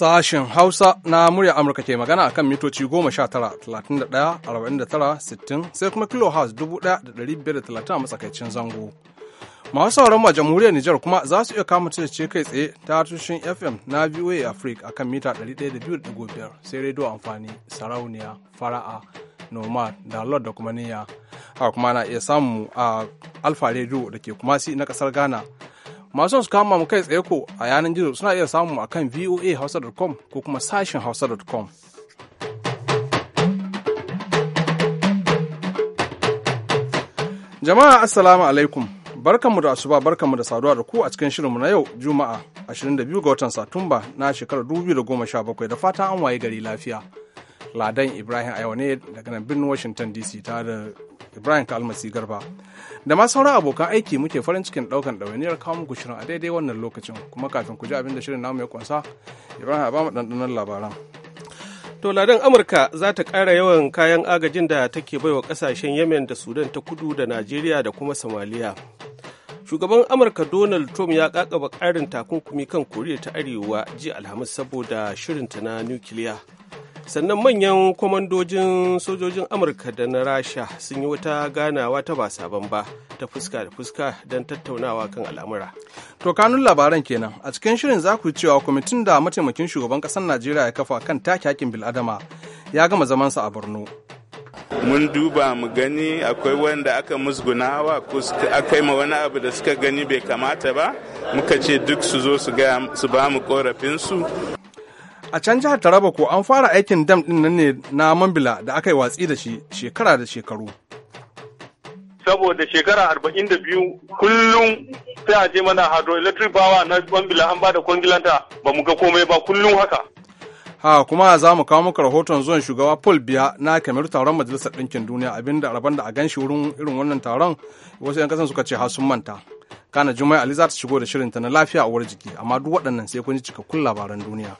Sashen Hausa na murya Amurka ke magana akan mitoci 19-31-49-60 sai kuma kilohertz 1,530 a matsakaicin zango. Masu sauran ma jamhuriyar Nijar kuma za su iya kama ce kai tsaye ta tushen FM na VOA Africa akan mita 102.5 sai rediyo amfani sarauniya fara'a nomad da lord da kuma niyya haka kuma na iya samu a alfa rediyo da ke kumasi na kasar Ghana masu su kama mu kai tsaye ko a yanar gizo suna iya samu a kan voahausa.com ko kuma sashen hausa.com jama'a assalamu alaikum barkanmu da asuba barkanmu da saduwa da ku a cikin shirinmu na yau juma'a 22 ga watan satumba na shekarar 2017 da fata an waye gari lafiya ladan ibrahim a ne daga nan birnin washington dc tare da Ibrahim Kalmasi Garba. Da ma sauran abokan aiki muke farin cikin ɗaukan ɗawainiyar kawo muku shirin a daidai wannan lokacin kuma kafin ku ji abin da shirin namu ya kunsa Ibrahim a mu ɗanɗanon labaran. To ladan Amurka za ta ƙara yawan kayan agajin da take baiwa ƙasashen Yemen da Sudan ta kudu da Najeriya da kuma Somalia. shugaban amurka donald trump ya kakaba karin takunkumi kan koriya ta arewa ji alhamis saboda shirinta na nukiliya sannan manyan kwamandojin sojojin amurka da na rasha sun yi wata ganawa ta ba sabon ba ta fuska da fuska don tattaunawa kan al'amura to kanun labaran kenan a cikin shirin za ku cewa kwamitin da mataimakin shugaban kasar najeriya ya kafa kan take hakin bil'adama ya gama zamansa a borno mun duba mu gani akwai wanda aka musgunawa ko aka yi ma wani abu da suka gani bai kamata ba muka ce duk su zo su ba mu korafinsu A can jihar Taraba ko an fara aikin dam ɗin nan ne na Mambila da aka yi watsi da shi shekara da shekaru. Saboda shekara arba'in da biyu kullum sai a je mana hado electric power na Mambila an ba da kwangilanta ba mu ga komai ba kullum haka. Ha kuma za mu kawo muka rahoton zuwan shugaba Paul Biya na kamar taron Majalisar Ɗinkin Duniya abinda rabon da a ganshi wurin irin wannan taron wasu 'yan kasan suka ce ha sun manta. Kana Juma'a Ali za ta shigo da shirinta na lafiya a uwar jiki amma duk waɗannan sai kun ji cikakkun labaran duniya.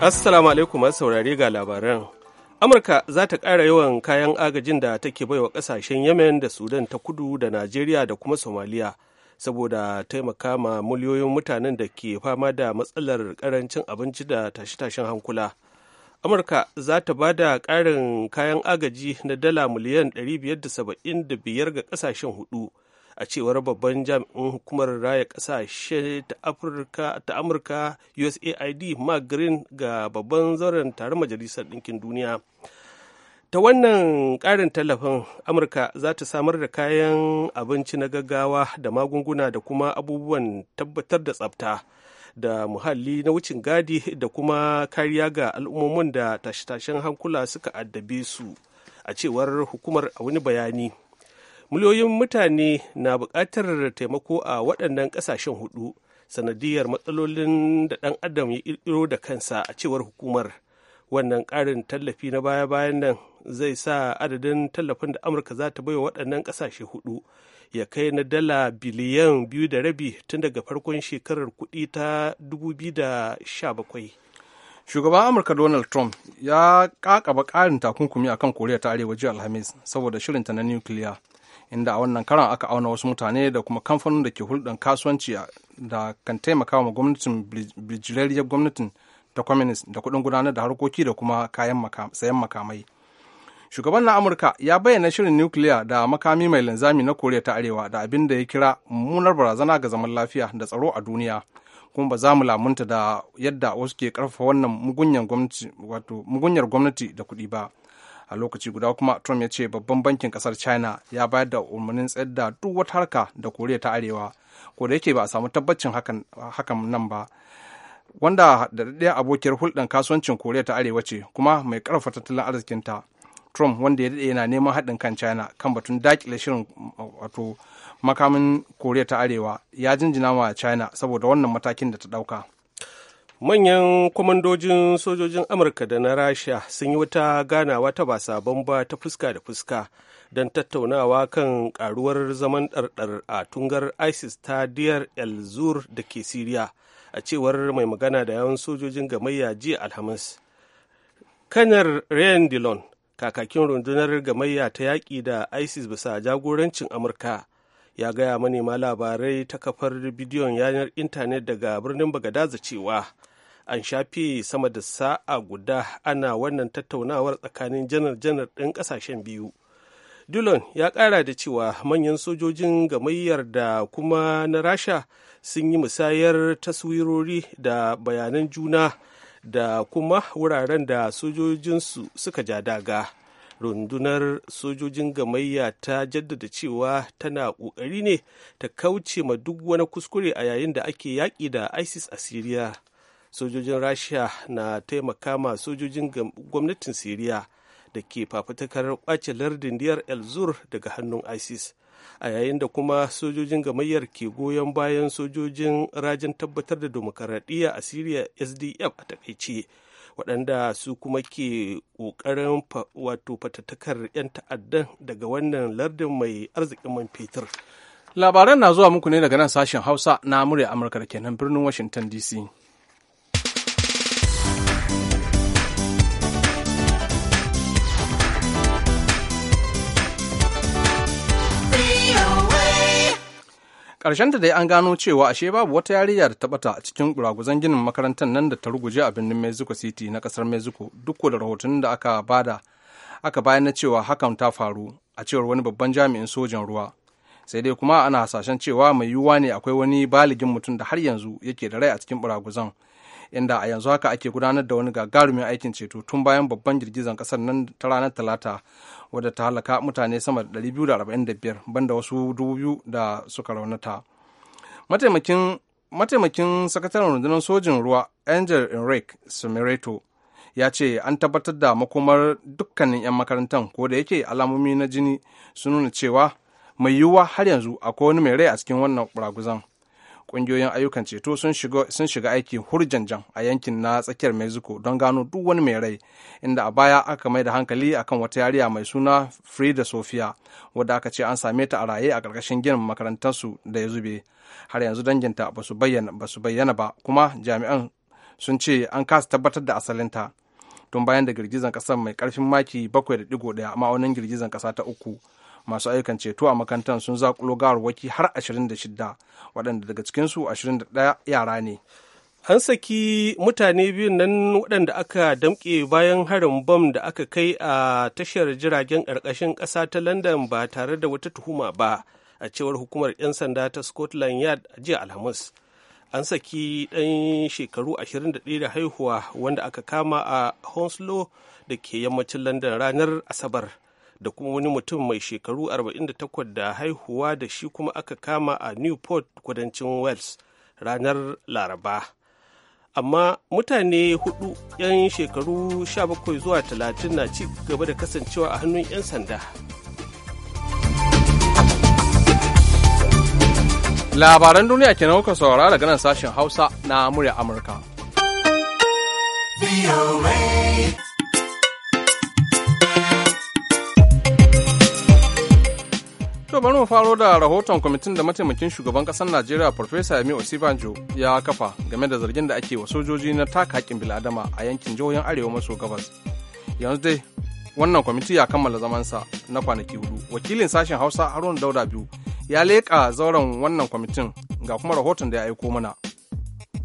Assalamu alaikum masu saurare ga labaran. Amurka za ta ƙara yawan kayan agajin da take baiwa ƙasashen Yemen da Sudan ta kudu da Najeriya da kuma Somaliya saboda taimaka ma miliyoyin mutanen da ke fama da matsalar ƙarancin abinci da tashe-tashen hankula. Amurka za ta ba da ƙarin kayan agaji na dala miliyan 575 ga ƙasashen hudu. a cewar babban jami'in hukumar raya kasashe ta amurka usaid mark green ga babban zauren taron majalisar ɗinkin duniya ta wannan ƙarin tallafin amurka za ta samar da kayan abinci na gaggawa da magunguna da kuma abubuwan tabbatar da tsabta da muhalli na wucin gadi da kuma kariya ga al'ummomin da tashe-tashen hankula suka addabe su a cewar hukumar a wani bayani muliyoyin mutane na buƙatar taimako a waɗannan ƙasashen hudu sanadiyar matsalolin da ɗan adam ya ƙirƙiro da kansa a cewar hukumar wannan ƙarin tallafi na baya-bayan nan zai sa adadin tallafin da amurka za ta baiwa waɗannan ƙasashe hudu ya kai na dala biliyan biyu da rabi tun daga farkon shekarar kuɗi ta 2017 shugaban amurka donald trump ya kakaba ƙarin takunkumi akan koriya ta arewa jiya alhamis saboda shirinta na nukiliya inda a wannan karan aka auna wasu mutane da kuma kamfanin da ke hulɗar kasuwanci da kan taimaka wa gwamnatin bijirariyar gwamnatin ta communist da kuɗin gudanar da harkoki da kuma kayan sayan makamai shugaban na amurka ya bayyana shirin nukiliya da makami mai linzami na koriya ta arewa da abin da ya kira mummunar barazana ga zaman lafiya da tsaro a duniya kuma ba za mu lamunta da yadda wasu ke karfafa wannan mugunyar gwamnati da kuɗi ba a lokaci guda kuma trump ya ce babban bankin kasar china ya bayar da umarnin tsayar da duk wata harka da koriya ta arewa ko da yake ba a samu tabbacin hakan nan ba wanda da daɗaya abokiyar hulɗar kasuwancin koriya ta arewa ce kuma mai ƙarfafa tattalin arzikinta trump wanda ya daɗe yana neman haɗin kan china kan batun daƙile shirin wato makamin koriya ta arewa ya jinjina wa china saboda wannan matakin da ta ɗauka manyan kwamandojin sojojin amurka da na rasha sun yi wata ganawa ta ba sabon ba ta fuska da fuska don tattaunawa kan karuwar zaman ɗarɗar a tungar isis ta diyar el zur da ke siriya a cewar mai magana da yawan sojojin gamayya jiya alhamis kanar ryan dillon kakakin rundunar gamayya ta yaƙi da isis bisa jagorancin amurka ya gaya manema labarai ta kafar bidiyon yanar intanet daga birnin bagadaza cewa an shafi sama da sa'a guda ana wannan tattaunawar tsakanin janar-janar ɗin ƙasashen biyu dillon ya ƙara da cewa manyan sojojin gamayyar da kuma na rasha sun yi musayar taswirori da bayanan juna da kuma wuraren da sojojinsu suka ja daga rundunar sojojin gamayya ta jaddada cewa tana ƙoƙari ne ta kauce ma duk wani kuskure a yayin da ake yaƙi da isis a siriya sojojin rasha na taimaka ma sojojin gwamnatin siriya da ke fafutukar kwace lardin diyar elzur daga hannun isis a yayin da kuma sojojin gamayyar ke goyon bayan sojojin rajin tabbatar da demokaradiyya a siriya sdf a takaice waɗanda su kuma ke ƙoƙarin wato fatattakar 'yan ta'addan daga wannan lardin mai arzikin man fetur. Labaran na zuwa muku ne daga nan sashen Hausa na murya Amurka da kenan birnin Washington DC. karshen da dai an gano cewa ashe babu wata yarinya da ta a cikin kuraguzan ginin makarantar nan da ta ruguje a birnin mexico city na kasar mexico duk da rahoton da aka bada aka bayan na cewa hakan ta faru a cewar wani babban jami'in sojan ruwa sai dai kuma ana hasashen cewa mai yiwuwa ne akwai wani baligin mutum da har yanzu yake da rai a cikin buraguzan inda a yanzu haka ake gudanar da wani gagarumin aikin ceto tun bayan babban girgizan kasar nan ta ranar talata wadda ta halaka mutane sama da 245 banda wasu dubu da suka raunata mataimakin sakataren rundunar sojin ruwa angel enrique semireto ya ce an tabbatar da makomar dukkanin 'yan makarantar ko da yake alamomi na jini sun nuna cewa mai yiwuwa har yanzu akwai wani mai rai a cikin wannan buraguzan ƙungiyoyin ayyukan ceto sun shiga aiki hurjanjan a yankin na tsakiyar mexico don gano duk wani mai rai inda a baya aka mai da hankali akan wata yariya mai suna frida sofia wadda aka ce an same ta a raye a ƙarƙashin ginin makarantarsu da ya zube har yanzu danginta ba su bayyana ba kuma jami'an sun ce an kasa tabbatar da asalinta tun bayan da girgizan kasar mai karfin maki 7.1 ma'aunin girgizan kasa ta uku masu aikan ceto a makantan sun zakulo gawarwaki har 26 waɗanda daga cikinsu 21 yara ne an saki mutane biyun nan waɗanda aka damƙe bayan harin bom da aka kai a tashar jiragen ƙarƙashin ƙasa ta london ba tare da wata tuhuma ba a cewar hukumar 'yan sanda ta scotland yard jiya alhamis an saki ɗan shekaru 21 da haihuwa wanda aka kama a hounslow da ke yammacin london ranar asabar da kuma wani mutum mai shekaru 48 da haihuwa da shi kuma aka kama a newport kudancin wales ranar laraba amma mutane hudu 'yan shekaru 17 zuwa 30 na ci gaba da kasancewa a hannun 'yan sanda labaran duniya ke kuka saurara daga nan sashen hausa na murya amurka To bari mu faro da rahoton kwamitin da mataimakin shugaban ƙasar Najeriya Farfesa Yemi Osibanjo ya kafa game da zargin da ake wa sojoji na taka haƙƙin bil'adama a yankin jihohin Arewa maso gabas. Yanzu dai wannan kwamiti ya kammala zamansa na kwanaki hudu. Wakilin sashen Hausa Haruna Dauda biyu ya leƙa zauren wannan kwamitin ga kuma rahoton da ya aiko mana.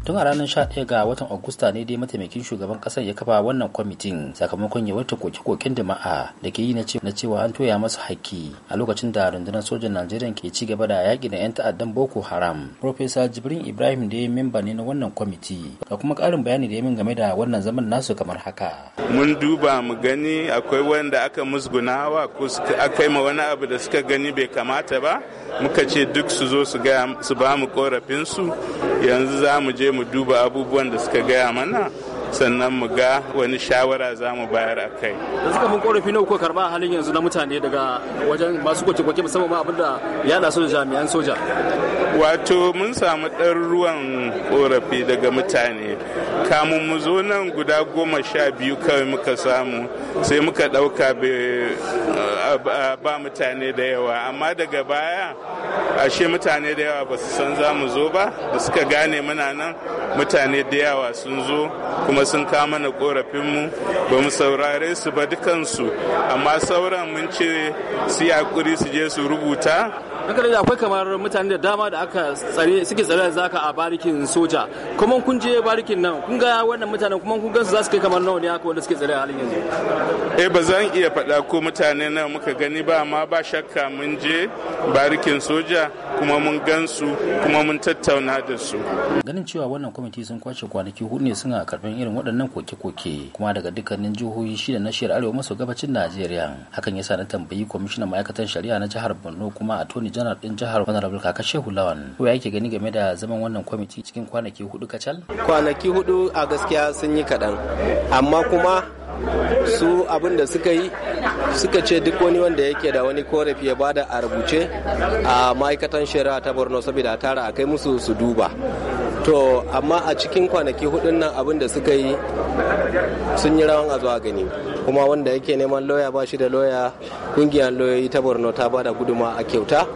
tun a ranar 11 ga watan agusta ne dai mataimakin shugaban kasar ya kafa wannan kwamitin sakamakon yawaitar koke-koken jama'a da ke yi na cewa an toya masu haƙƙi a lokacin da rundunar sojan najeriya ke ci gaba da yaƙi da 'yan ta'addan boko haram profesa jibrin ibrahim da ya memba ne na wannan kwamiti ga kuma ƙarin bayani da ya min game da wannan zaman nasu kamar haka mun duba mu gani akwai wanda aka musgunawa ko akwai ma wani abu da suka gani bai kamata ba muka ce duk su zo su gaya su ba mu korafinsu yanzu za mu je mu duba abubuwan da suka gaya mana sannan mu ga wani shawara za mu bayar a kai. Da suka mun korafi na kuka karba halin yanzu na mutane daga wajen masu kwace-kwace musamman ma abinda ya su da jami'an soja. Wato mun samu ruwan korafi daga mutane kamun mu nan guda goma sha biyu kawai muka samu sai muka ɗauka ba mutane da yawa amma daga baya ashe mutane da yawa ba su san za mu zo ba da suka gane muna nan mutane da yawa sun zo kuma sun kama na korafinmu ba mu saurare su ba dukansu amma sauran mun ce su yi su je su rubuta Haka da akwai kamar mutane da dama da aka tsare suke tsare da zaka a barikin soja. Kuma kun je barikin nan kun ga wannan mutanen kuma kun gansu za su kai kamar nawa ne haka wanda suke tsare a halin yanzu. Eh ba zan iya faɗa ko mutane nan muka gani ba amma ba shakka mun je barikin soja kuma mun gansu kuma mun tattauna da su. Ganin cewa wannan kwamiti sun kwace kwanaki hudu ne suna karɓar irin waɗannan koke-koke kuma daga dukkanin jihohi shida na shiyar arewa maso gabacin Najeriya. Hakan yasa na tambayi kwamishinan ma'aikatan shari'a na jihar Borno kuma a Tony janar din jihar honorable kaka shehu lawan ko yake gani game da zaman wannan kwamiti cikin kwanaki hudu kacal kwanaki hudu a gaskiya sun yi kaɗan amma kuma su abin da suka yi suka ce duk wani wanda yake da wani korafi ya bada a rubuce a ma'aikatan shari'a ta borno saboda tara a kai musu su duba to amma a cikin kwanaki hudun nan abin da suka yi sun yi rawan a zuwa gani kuma wanda yake neman lauya ba shi da loya kungiyar lauyoyi ta borno ta bada guduma a kyauta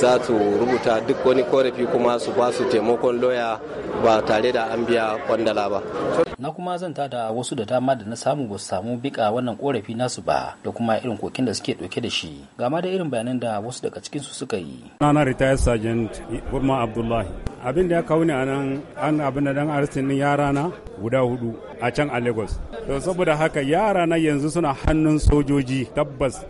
za su rubuta duk wani korafi kuma su ba su taimakon lauya ba tare da an biya kwandala ba na kuma zan da wasu da dama da na samu ba samu bika wannan korafi nasu ba da kuma irin kokin da suke dauke da shi gama da irin bayanan da wasu daga cikinsu suka yi na na retired sergeant gurma abdullahi abin da ya kawo ne a nan an abin da dan arsinin yara na guda hudu a can a lagos to saboda haka yara na yanzu suna hannun sojoji tabbas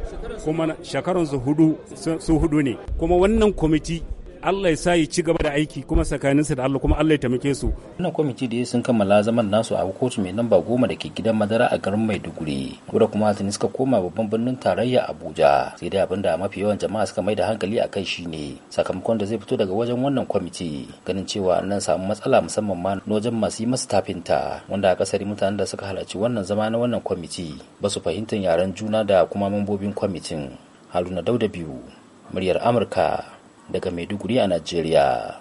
kuma shekarunsu hudu su hudu ne kuma wannan kwamiti Allah ya sa ya ci gaba da aiki kuma tsakaninsa da Allah kuma Allah ya taimake su. Wannan kwamiti da ya sun kammala zaman nasu a kotu mai namba goma da ke gidan madara a garin Maiduguri. Wanda kuma tuni suka koma babban birnin tarayya Abuja. Sai dai abin da mafi yawan jama'a suka mai da hankali a kai shi ne. sakamakon da zai fito daga wajen wannan kwamiti. Ganin cewa nan samu matsala musamman ma na wajen masu yi masa tafinta wanda a kasar mutanen da suka halarci wannan zama na wannan kwamiti ba su fahimtar yaren juna da kuma mambobin kwamitin. Haruna Dauda biyu, muryar Amurka daga Maiduguri a Najeriya.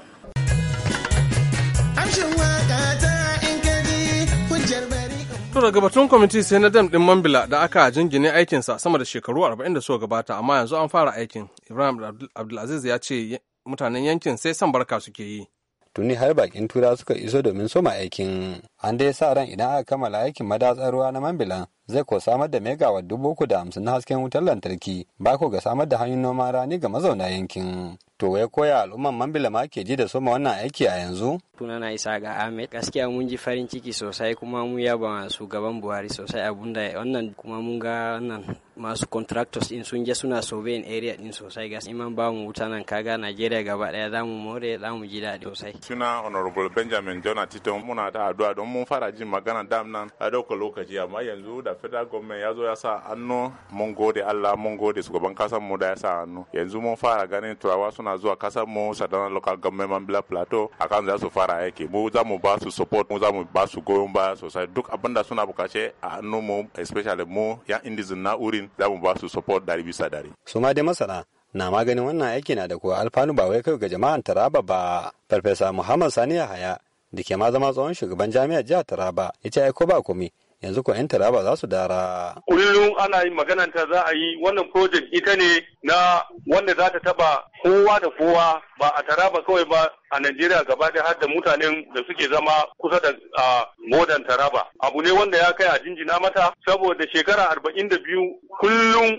Tura gabatun batun kwamiti sai na dam din Mambila da aka jingine aikinsa sama da shekaru 40 da suka gabata amma yanzu an fara aikin. Ibrahim Abdulaziz ya ce mutanen yankin sai san barka suke yi. tuni har bakin tura suka iso domin soma aikin an dai sa ran idan aka kammala aikin madatsar ruwa na mambilan zai ko samar da megawatt dubu uku da hamsin na hasken wutar lantarki ba ko ga samar da hanyoyin noman rani ga mazauna yankin To wai koya al'umman Mambila ma ke ji da soma wannan aiki a yanzu? sunana Isa ga Ahmed gaskiya mun ji farin ciki sosai kuma mun yaba shugaban Buhari sosai abunda wannan kuma mun ga wannan masu contractors in sun je suna surveying area din sosai gas iman ba mu wuta nan kaga Najeriya gaba daya zamu more zamu ji daɗi sosai suna honorable Benjamin Jona Tito muna da addu'a don mun fara jin magana dam nan a dauka lokaci amma yanzu da federal government ya zo ya sa hannu mun gode Allah mun gode shugaban kasan mu da ya sa hannu yanzu mun fara ganin turawa suna na zuwa kasar mu sadan local government bila plateau akan za su fara aiki mu za mu ba su support mu za mu ba su goyon baya sosai duk abin da suna bukace a hannun mu especially mu ya indizin na urin za mu ba su support dari bisa dari su ma dai masana na maganin wannan aiki na da kuwa alfanu ba wai kai ga jama'an taraba ba farfesa muhammad sani yahaya da ke ma zama tsohon shugaban jami'ar jihar taraba ya ce ko ba komi yanzu ko 'yan taraba za su dara. Kullum ana yin ta za a yi wannan project ita ne na wanda za ta taba kowa da kowa ba a taraba kawai ba a Najeriya gaba da har da mutanen da suke zama kusa da a modan taraba. Abu ne wanda ya kai a jinjina mata saboda shekara arba'in da biyu kullum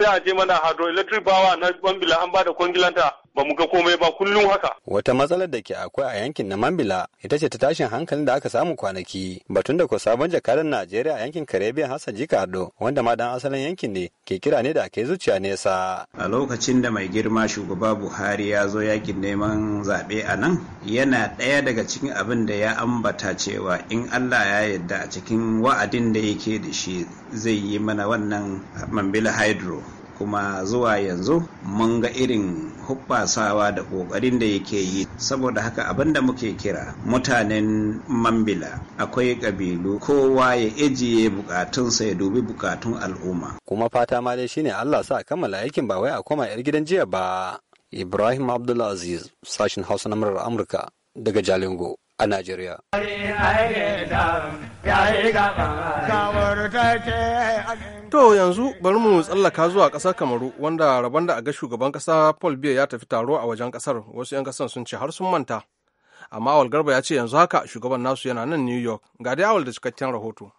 sai a je mana hydroelectric power na bambila an ba da kwangilanta ba mu ga komai ba kullum haka. Wata matsalar da ke akwai a yankin na Mambila ita ce ta tashin hankalin da aka samu kwanaki batun da ko sabon jakadan Najeriya a yankin Caribbean Hassan Jikado wanda ma dan asalin yankin ne ke kira ne da kai zuciya nesa. A lokacin da mai girma shugaba Buhari ya zo yakin neman zaɓe a nan yana ɗaya daga cikin abin da ya ambata cewa in Allah ya yarda a cikin wa'adin da yake da shi zai yi mana wannan Mambila Hydro kuma zuwa yanzu mun ga irin hubbasawa da ƙoƙarin da yake yi saboda haka abin da muke kira mutanen mambila akwai ƙabilu kowa ya ejiye bukatunsa ya dubi bukatun al'umma kuma fata ma dai shine Allah sa kammala aikin ba wai a koma yar gidan jiya ba Ibrahim Abdulaziz sashin Hausa na murar Amurka daga Jalingo a Najeriya. To yanzu bari mu tsallaka zuwa ƙasar Kamaru wanda rabon da a ga shugaban ƙasa Paul Biya ya tafi taro a wajen ƙasar wasu 'yan ƙasar sun ce har sun manta. Amma Awal Garba ya ce yanzu haka shugaban nasu yana nan New York ga dai Awal da cikakken rahoto.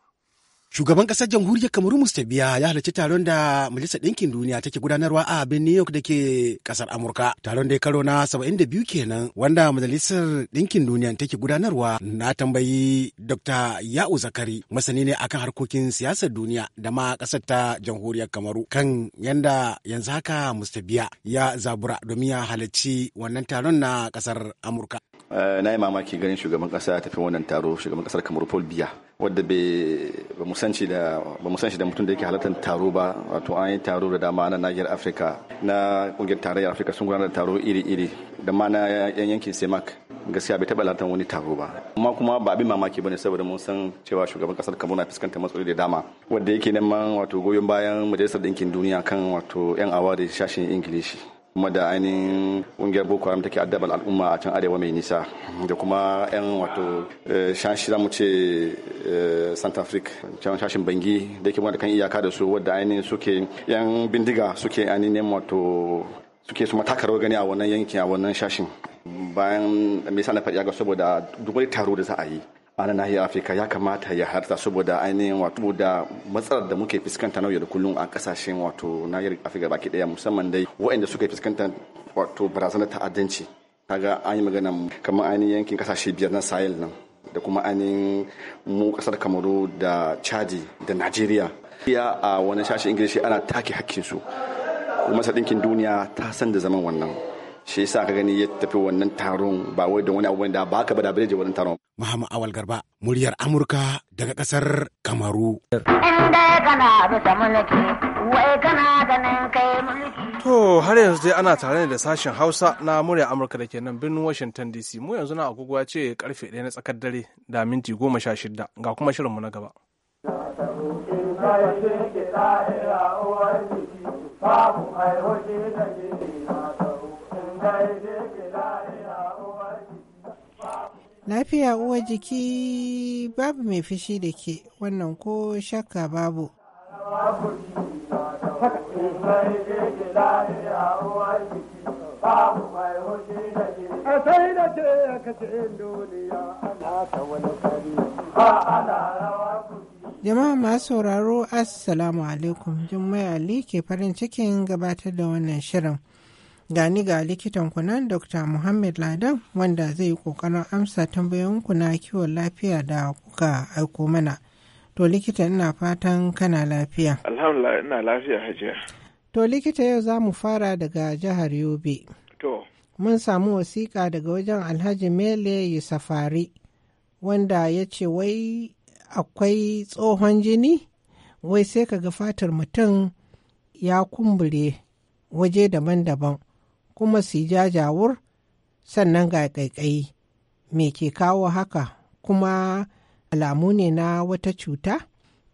Shugaban ƙasar jamhuriyar Kamaru Biya ya halarci taron da Majalisar Ɗinkin Duniya take gudanarwa a abin New York da ke ƙasar Amurka. Taron da ya karo na 72 kenan wanda Majalisar Ɗinkin Duniya take gudanarwa na tambayi Dr. Ya'u Zakari masani ne akan harkokin siyasar duniya da ma ƙasar ta jamhuriyar Kamaru kan yanda yanzu haka Biya ya zabura domin ya halarci wannan taron na ƙasar Amurka. Eh, na yi mamaki ganin shugaban ƙasa tafi wannan taro shugaban ƙasar Kamaru Paul Biya. wadda ba san shi da mutum da yake halartar taro ba wato an yi taro da dama na nahiyar afirka na kungiyar tarayyar afirka sun gudanar da taro iri-iri da ma na yan yankin semak gaskiya bai taba halartar wani taro ba amma kuma ba abin mamaki bane saboda mun san cewa shugaban kasar na fuskantar matsaloli da dama wadda yake neman wato goyon bayan majalisar ɗinkin duniya kan wato yan awa da shashin ingilishi kuma da ainihin ƙungiyar boko haram take addabar al'umma a can arewa mai nisa da kuma 'yan wato eh, shashi mu ce eh, santa africa can shashin bangi da ke da kan iyaka da su wadda ainihin suke 'yan bindiga suke ainihin wato suke su matakarwa gani a wannan yankin a wannan shashin bayan me na faɗi ga saboda duk wani taro da za a yi a na nahiyar afirka ya kamata ya harta saboda ainihin wato da matsalar da muke fuskanta na yau da kullum a kasashen wato nahiyar afirka baki daya musamman dai waɗanda suka fuskanta wato barazanar ta'addanci kaga an yi magana kamar ainihin yankin kasashe biyar na sahel nan da kuma ainihin mu kasar kamaru da chadi da najeriya ya a wani shashi ingilishi ana take hakkinsu kuma sadinkin ɗinkin duniya ta san da zaman wannan shi yasa ka gani ya tafi wannan taron ba wai don wani abu da ba ka bada da wannan taron Muhammad Awal Garba muryar Amurka daga kasar Kamaru kana wai to har yanzu dai ana tare da sashen Hausa na muryar Amurka da ke nan birnin Washington DC mu yanzu na agogo ya ce karfe 1 na tsakar dare da minti 16 ga kuma shirin mu na gaba babu mai hoji da ke Lafiya uwar jiki babu mai fushi da ke wannan ko shakka babu. Jama'a masu sauraro Assalamu alaikum Jummai Ali ke farin cikin gabatar da wannan shirin. gani ga likitan kunan dr muhammad ladan wanda zai yi kokarin amsa tambayoyinku na kiwon lafiya da kuka aiko mana to likita ina fatan kana lafiya alhamdulillah ina lafiya hajiya to likita yau za mu fara daga jihar yobe to mun samu wasiƙa daga wajen alhaji mele safari, wanda ya ce wai akwai tsohon jini wai sai ka ga fatar mutum ya kumbure waje daban-daban kuma su jajawur sannan ga ƙaiƙayi me ke kawo haka kuma alamu ne na wata cuta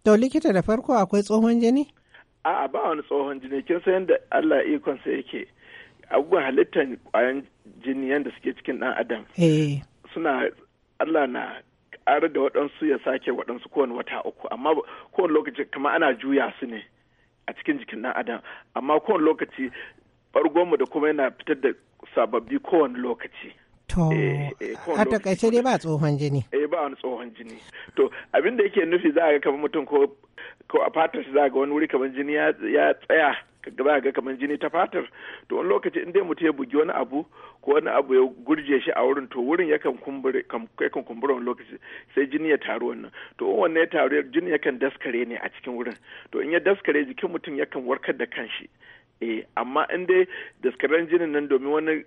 to likita da farko akwai tsohon jini a'a ba wani tsohon jini kin san yadda Allah ikonsa yake abubuwan halittar kwayan jini yadda suke cikin ɗan adam eh. suna Allah na ƙara da waɗansu ya sake waɗansu kowane wata uku amma kowane lokaci kama ana juya su ne a cikin jikin ɗan adam amma kowane lokaci goma da kuma yana fitar da sababbi kowane lokaci. To, eh, eh, a takaice dai ba tsohon jini. Eh ba wani tsohon jini. To, abin da yake nufi za a ga kamar mutum ko ko a fatar shi za ga wani wuri kamar jini ya tsaya gaba ga kamar jini ta fatar to wani lokaci inda dai mutum ya bugi wani abu ko wani abu ya gurje shi a wurin to wurin yakan kumbura wani lokaci sai jini ya taru wannan to in wannan ya taru jini yakan daskare ne a cikin wurin to in ya daskare jikin mutum yakan warkar da kanshi eh amma in dai daskaren jinin nan domin wani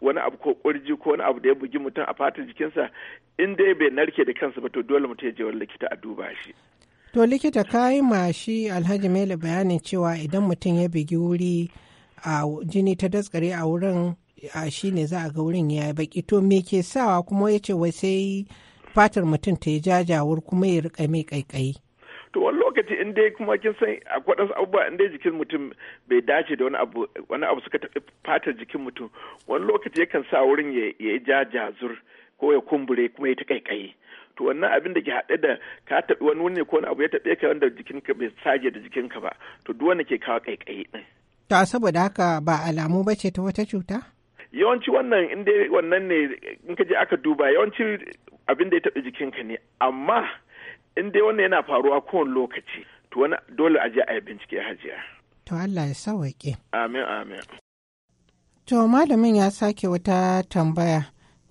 wani abu ko kurji ko wani abu da ya bugi mutum a fatar jikinsa in dai bai narke da kansa ba to dole mutum ya je wani likita a duba shi to likita ka ma shi alhaji mele bayanin cewa idan mutum ya bugi wuri a jini ta daskare a wurin a shi ne za a ga wurin ya baki to me ke sawa kuma ya ce wai sai fatar mutum ta yi jajawar kuma ya rika mai kaikayi to wani lokaci in dai kuma kin san a wasu abubuwa in dai jikin mutum bai dace da wani abu wani abu suka tafi fatar jikin mutum wani lokaci yakan sa wurin ya ya ja jazur ko ya kumbure kuma ya ta kaikayi to wannan abin da ke haɗe da ka taɓi wani wuni ko wani abu ya taɓe ka wanda ka bai sage da jikin ka ba to duk wanda ke kawo kaikayi din to saboda haka ba alamu ba ce ta wata cuta yawanci wannan in dai wannan ne in ka je aka duba yawanci abin da ya taɓa ka ne amma in dai wannan yana faruwa kowane lokaci to wani dole a je a yi bincike hajiya to Allah ya sawaƙe amin amin to malamin ya sake wata tambaya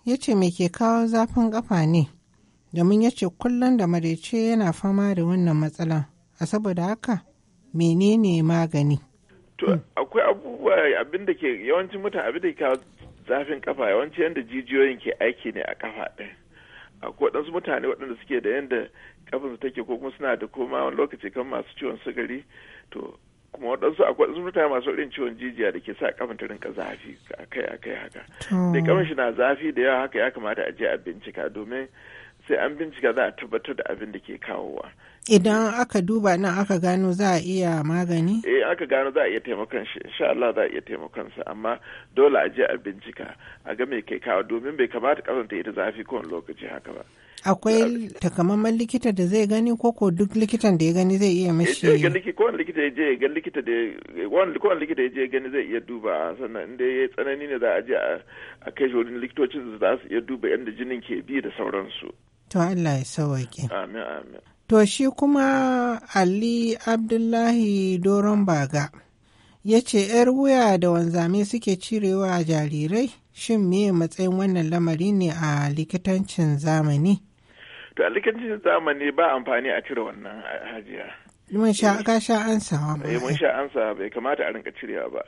ya ce me ke kawo zafin kafa ne domin ya ce kullum da marece yana fama da wannan matsala a saboda haka menene magani to hmm. akwai abubuwa abin da ke yawancin mutane abin da ke kawo zafin ƙafa, yawanci yadda jijiyoyin ke aiki ne a kafa ɗaya. akwai waɗansu mutane waɗanda suke da yadda su take ko kuma suna da koma wani lokaci kan masu ciwon sukari to kuma waɗansu akwai waɗansu mutane masu irin ciwon jijiya da ke sa kafin ta rinka zafi akai akai haka dai kafin shi na zafi da yawa haka ya kamata a je a bincika domin sai an bincika za a tabbatar da abin da ke kawowa. Idan aka duba nan aka gano za a iya magani? Eh aka gano za a iya taimakon shi, insha Allah za a iya taimakon sa, amma dole a je a bincika a ga me ke kawo domin bai kamata kasanta ita zafi wani lokaci haka ba. Akwai takamaiman likita da zai gani ko ko duk likitan da ya gani zai iya eh, mashi Ya Ko wani likita ya je ga likita da ko wani likita ya je gani zai iya duba sannan inda ya tsanani ne za a je a kai shi wurin likitocin da za su iya duba yadda jinin ke bi da sauransu. To Allah ya sawaƙe. Amin amin. To shi kuma Ali Abdullahi Doron Baga ya ce ‘yar wuya da wanzame suke cirewa a jarirai shin me matsayin wannan lamari ne a likitancin zamani? To a likitancin zamani ba amfani a cire wannan hajiya. Mun sha ka sha ansawa ba. Eh, mun sha sawa bai kamata a rinka cirewa ba.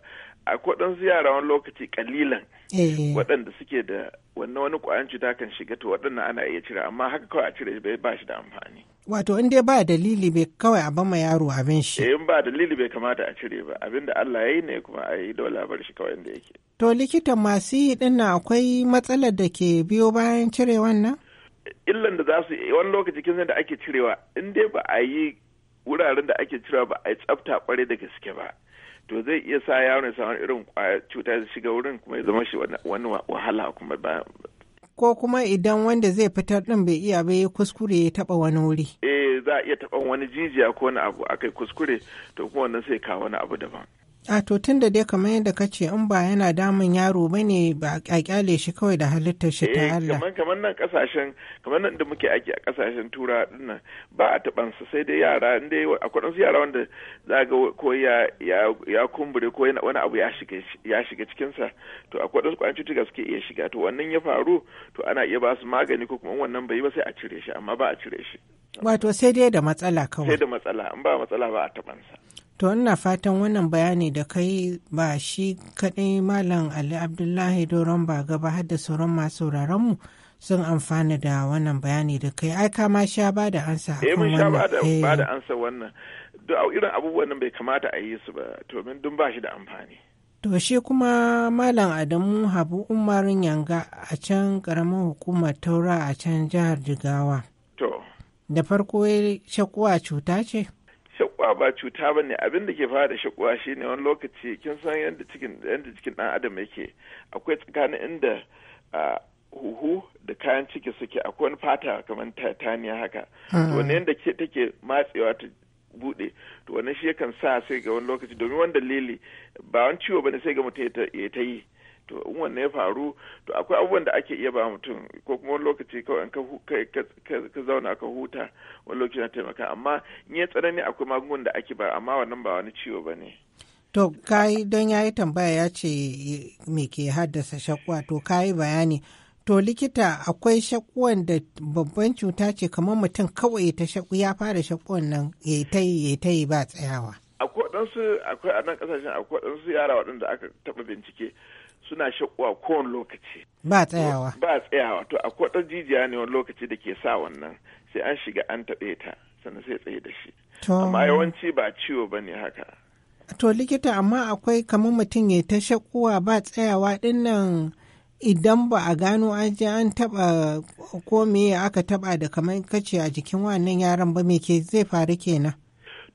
Akwai ɗansu yara wani lokaci kalilan eh. waɗanda suke da wannan wani kwayan cuta kan shiga to waɗannan ana iya cire amma haka kawai a cire bai ba shi da amfani. Wato in dai ba dalili bai kawai a bama yaro abin shi. Eh, in ba dalili bai kamata a cire ba abin da Allah ya yi ne kuma a yi dole a bar shi kawai inda yake. To likitan masu yi din akwai matsalar da ke biyo bayan cire wannan? Illan da za su yi wani lokaci kin da ake cirewa in dai ba a yi wuraren da ake cirewa ba a yi tsafta kwarai da gaske ba. to zai iya sa yaron sa wani irin cuta da shiga wurin kuma ya zama shi wani wahala kuma ba ko kuma idan wanda zai fitar din bai iya bai kuskure ya taba wani wuri eh za a iya taba wani jijiya ko wani abu akai kuskure to kuma wannan sai kawo wani abu daban A to tun da dai kamar yadda ka ce in ba yana damun yaro ba ne ba a kyale shi kawai da halittar shi ta eh, Allah. Kamar kamar nan kasashen kamar nan da muke aiki a kasashen tura dinnan ba a taban su sai dai yara in dai akwai wasu yara wanda za ga ko ya ya kumbure ko wani abu ya shiga ya shiga cikin sa to akwai wasu kwanci tuga suke iya shiga to wannan ya faru to ana iya ba su magani ko kuma wannan bai ba sai a cire shi amma ba a cire shi. Wato sai dai da matsala kawai. Sai da matsala in ba matsala ba a taban sa. To ina fatan wannan bayani da kai ba shi kaɗai Malam Ali Abdullahi Doron ba gaba har da sauran masu mu sun amfana da wannan bayani da kai ai kama sha ba da ansa a eh, mun sha eh. ba da ansa wannan duk irin abubuwan bai kamata a yi su ba to min dun ba shi da amfani. To shi kuma Malam Adamu Habu Umarin Yanga a can karamin hukumar Taura a can jihar Jigawa. To. Da farko shakuwa cuta ce? shakwa ba cuta ba ne abin da ke fara da shakwa shi ne wani lokaci kin san yadda cikin yadda cikin dan adam yake akwai tsakanin inda huhu da kayan ciki suke akwai wani fata kamar titaniya haka to ah. wani yadda take matsewa ta bude to wannan shi yakan sa sai ga wani lokaci domin wani dalili ba wani ciwo bane sai ga mutum ya ta yi to in wanne ya faru to akwai abubuwan da ake iya ba mutum ko kuma wani lokaci kawai in ka zauna ka huta wani lokaci na taimaka amma in ya tsanani akwai magungun da ake ba amma wannan ba wani ciwo ba ne. To kai don ya yi tambaya ya ce me ke haddasa shakwa to kayi bayani to likita akwai shakwan da babban cuta ce kamar mutum kawai ta shaku ya fara shakwan nan ya ta yi ya ta yi ba tsayawa. Akwai waɗansu akwai a nan ƙasashen akwai waɗansu yara waɗanda aka taɓa bincike suna shakuwa kowane lokaci. Ba tsayawa. Ba tsayawa. To akwai ɗan jijiya ne wani lokaci da ke sa wannan sai an shiga an taɓe ta sannan sai tsaye da shi. Amma yawanci ba ciwo ba ne haka. To likita amma akwai kamar mutum ya ta shakuwa ba tsayawa ɗin nan idan ba a gano an je an taɓa ko me aka taɓa da kamar kace a jikin wannan yaron ba me ke zai faru kenan.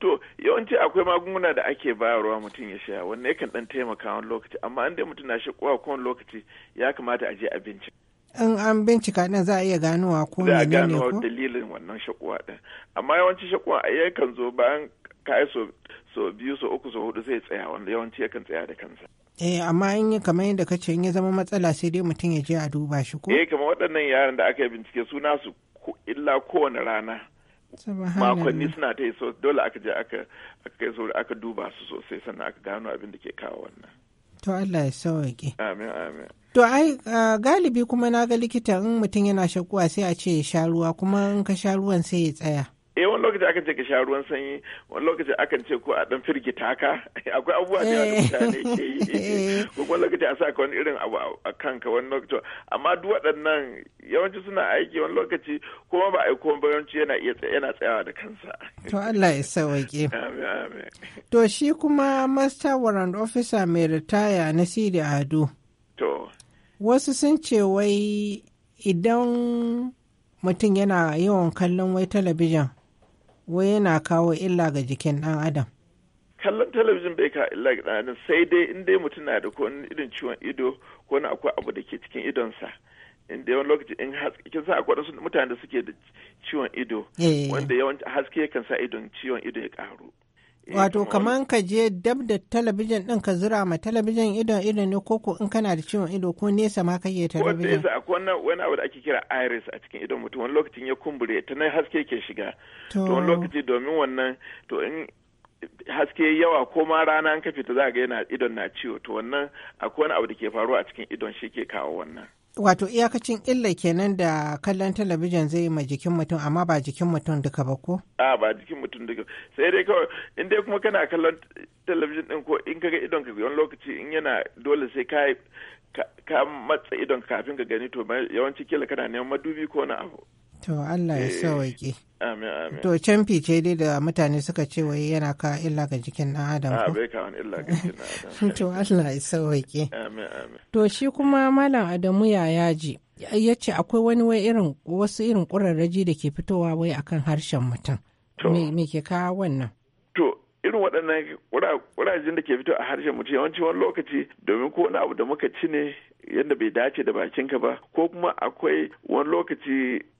to yawanci akwai magunguna da ake bayarwa mutum ya sha wanne yakan dan taimaka wani lokaci amma inda mutum na shi kowa kowane lokaci ya kamata a je a bincika in an bincika din za a iya ganowa ko ne ne ko da dalilin wannan shakuwa din amma yawanci shakuwa kan zo bayan kai so so biyu so uku so hudu zai tsaya wanda yawanci yakan tsaya da kansa eh amma in yi kamar yadda kace in ya zama matsala sai dai mutum ya je a duba shi ko eh kamar waɗannan yaran da aka yi bincike su nasu illa kowane rana makonni suna ta yi dole aka je aka kai so aka duba su sosai sannan aka gano abin da ke kawo wannan to Allah ya sauke amin amin to ai galibi kuma na ga likita in mutum yana shakuwa sai a ce ya sha ruwa kuma in ka sha ruwan sai ya tsaya eh wani lokaci akan ce ka sha ruwan sanyi wani lokaci akan ce ko a dan firgita ka akwai abubuwa da mutane eh. ke yi ko wani lokaci a sa ka wani irin abu a kanka wani lokaci amma duk waɗannan yawanci suna aiki wani lokaci kuma ba a yi komai yawanci yana iya yana tsayawa da kansa to Allah ya sauke to shi kuma master warrant officer mai ritaya na Sidi Ado to wasu sun ce wai idan mutum yana yawan kallon wai talabijin wai yana kawo illa ga jikin ɗan adam kallon talabijin bai ka illa ga ɗan adam sai dai in dai mutum na da ko irin ciwon ido ko na akwai abu da ke cikin idonsa in dai yawan lokaci in kin sa akwai wasu mutane da suke da ciwon ido eh. wanda yawan haske kan sa idon ciwon ido ya ƙaru Eh, Wato kaman ka je dab da talabijin ɗin ka zura ma talabijin idon ido ne ko ko in kana da ciwon ido ko nesa ma kake talabijin. wanda yasa akwai wani wani abu da ake kira iris a cikin idon mutum wani lokacin ya kumbure ta nan haske ke shiga. To wani lokaci domin wannan to in haske yawa ko ma rana an ka fita za ga yana idon na ciwo to wannan akwai wani abu da ke faruwa a cikin idon shi ke kawo wannan. wato iyakacin illa kenan da kallon talabijin zai ma jikin mutum amma ba jikin mutum duka ba ko? a ba jikin mutum duka sai dai kawai in dai kuma kana kallon talabijin din ko in kaga idon ka wani lokaci in yana dole sai ka ka matsa idon kafin ka gani to yawanci kila kana neman madubi ko na abu To Allah ya eh, sauwaƙe. Amin amin. To can fice dai da mutane suka ce wai yana ka illa ga jikin ɗan adam ah, ko? bai ka illa ga jikin ɗan adam. To Allah ya sauwaƙe. Amin amin. To shi kuma Malam Adamu ya yaji. Ya ce akwai wani wai irin wasu irin ƙurarraji da ke fitowa wai akan harshen mutum. To Me ke kawo wannan? To irin waɗannan ƙurajen da ke fito a harshen mutum yawanci wani lokaci domin ko wani abu da muka ci ne yadda bai dace da bakinka ba ko kuma akwai wani lokaci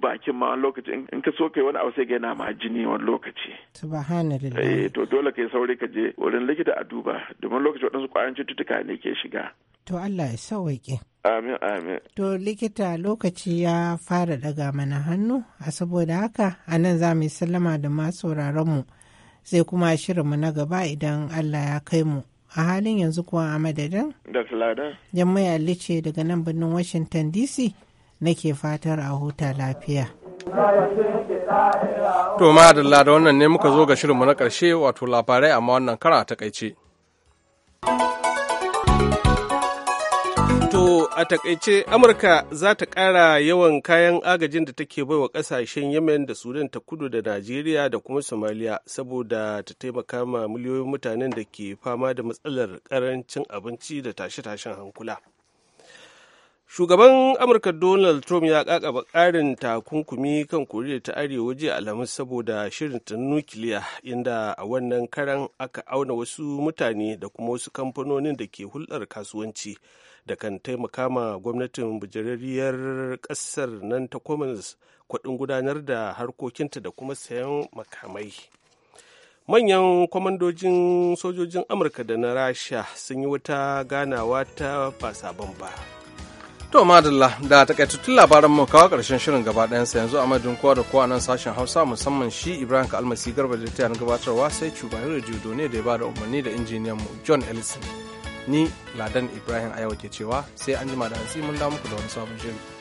bakin ma wani lokaci in ka so kai wani abu sai ga yana ma jini wani lokaci subhanallah eh to dole kai saurayi ka je wurin likita a duba domin lokaci waɗansu ƙwayoyin cututtuka ne ke shiga to Allah ya sauwaƙe Amin, amin. To likita lokaci ya fara daga mana hannu, a saboda haka a nan za mu yi sallama da masu mu sai kuma mu na gaba idan Allah ya kai mu. A halin yanzu kuwa a madadin? Da ce daga nan birnin Washington DC nake fatar a huta lafiya. To ma da wannan ne muka zo ga shirinmu na ƙarshe wato labarai amma wannan kara ta kaice. To a takaice Amurka za ta ƙara yawan kayan agajin da take baiwa ƙasashen Yemen da Sudan ta kudu da Najeriya da kuma Somalia saboda ta taimaka ma miliyoyin mutanen da ke fama da matsalar ƙarancin abinci da tashe-tashen hankula. Shugaban Amurka Donald Trump ya kakaba ƙarin takunkumi kan Koriya ta Arewa jiya Alhamis saboda shirin ta nukiliya inda a wannan karan aka auna wasu mutane da kuma wasu kamfanonin da ke hulɗar kasuwanci da kan taimaka ma gwamnatin bujarariyar ƙasar nan ta Commons kuɗin gudanar da harkokinta da kuma sayan makamai. manyan kwamandojin sojojin amurka da na rasha sun yi wata ganawa ta ba sabon ba To madalla da takaitattun labaran mu kawo karshen shirin gaba ɗayansa yanzu a madadin kowa da kowa nan sashen Hausa musamman shi Ibrahim ka almasi garba da ta gabatarwa sai shugaban Radio ne da ya ba da umarni da injiniyan mu John Ellison. Ni Ladan Ibrahim a yau ke cewa sai an jima da hatsi mun da muku da wani sabon shirin.